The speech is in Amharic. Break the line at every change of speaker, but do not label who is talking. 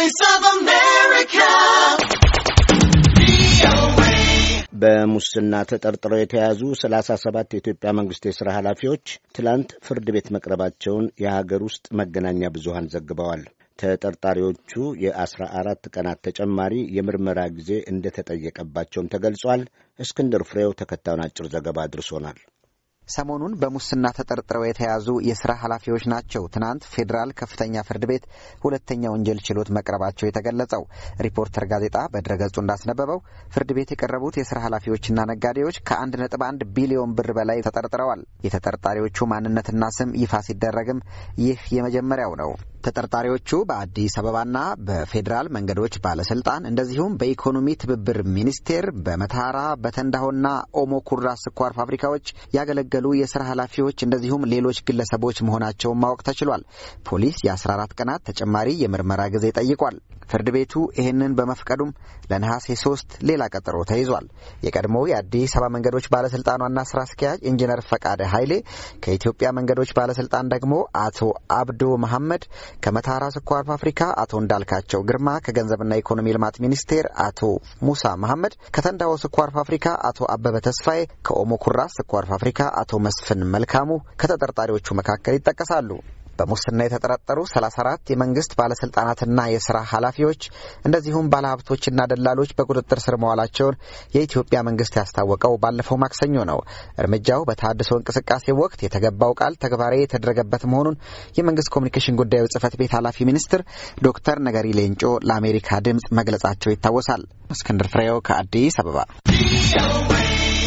Voice
በሙስና ተጠርጥረው የተያዙ ሰላሳ ሰባት የኢትዮጵያ መንግስት የሥራ ኃላፊዎች ትላንት ፍርድ ቤት መቅረባቸውን የሀገር ውስጥ መገናኛ ብዙሃን ዘግበዋል። ተጠርጣሪዎቹ የአስራ አራት ቀናት ተጨማሪ የምርመራ ጊዜ እንደተጠየቀባቸውም ተገልጿል። እስክንድር ፍሬው ተከታዩን አጭር ዘገባ አድርሶናል።
ሰሞኑን በሙስና ተጠርጥረው የተያዙ የስራ ኃላፊዎች ናቸው ትናንት ፌዴራል ከፍተኛ ፍርድ ቤት ሁለተኛ ወንጀል ችሎት መቅረባቸው የተገለጸው። ሪፖርተር ጋዜጣ በድረገጹ እንዳስነበበው ፍርድ ቤት የቀረቡት የስራ ኃላፊዎችና ነጋዴዎች ከ1.1 ቢሊዮን ብር በላይ ተጠርጥረዋል። የተጠርጣሪዎቹ ማንነትና ስም ይፋ ሲደረግም ይህ የመጀመሪያው ነው። ተጠርጣሪዎቹ በአዲስ አበባና በፌዴራል መንገዶች ባለስልጣን እንደዚሁም በኢኮኖሚ ትብብር ሚኒስቴር በመተሃራ በተንዳሆና ኦሞ ኩራ ስኳር ፋብሪካዎች ያገለገሉ የስራ ኃላፊዎች እንደዚሁም ሌሎች ግለሰቦች መሆናቸውን ማወቅ ተችሏል። ፖሊስ የ14 ቀናት ተጨማሪ የምርመራ ጊዜ ጠይቋል። ፍርድ ቤቱ ይህንን በመፍቀዱም ለነሐሴ ሶስት ሌላ ቀጠሮ ተይዟል። የቀድሞው የአዲስ አበባ መንገዶች ባለስልጣን ዋና ስራ አስኪያጅ ኢንጂነር ፈቃደ ኃይሌ ከኢትዮጵያ መንገዶች ባለስልጣን ደግሞ አቶ አብዶ መሐመድ ከመታራ ስኳር ፋብሪካ አቶ እንዳልካቸው ግርማ፣ ከገንዘብና ኢኮኖሚ ልማት ሚኒስቴር አቶ ሙሳ መሐመድ፣ ከተንዳሆ ስኳር ፋብሪካ አቶ አበበ ተስፋዬ፣ ከኦሞ ኩራስ ስኳር ፋብሪካ አቶ መስፍን መልካሙ ከተጠርጣሪዎቹ መካከል ይጠቀሳሉ። በሙስና የተጠረጠሩ 34 የመንግስት ባለስልጣናትና የስራ ኃላፊዎች እንደዚሁም ባለሀብቶችና ደላሎች በቁጥጥር ስር መዋላቸውን የኢትዮጵያ መንግስት ያስታወቀው ባለፈው ማክሰኞ ነው። እርምጃው በተሃድሶ እንቅስቃሴ ወቅት የተገባው ቃል ተግባራዊ የተደረገበት መሆኑን የመንግስት ኮሚኒኬሽን ጉዳዩ ጽህፈት ቤት ኃላፊ ሚኒስትር ዶክተር ነገሪ ሌንጮ ለአሜሪካ ድምፅ መግለጻቸው ይታወሳል። እስክንድር ፍሬው ከአዲስ አበባ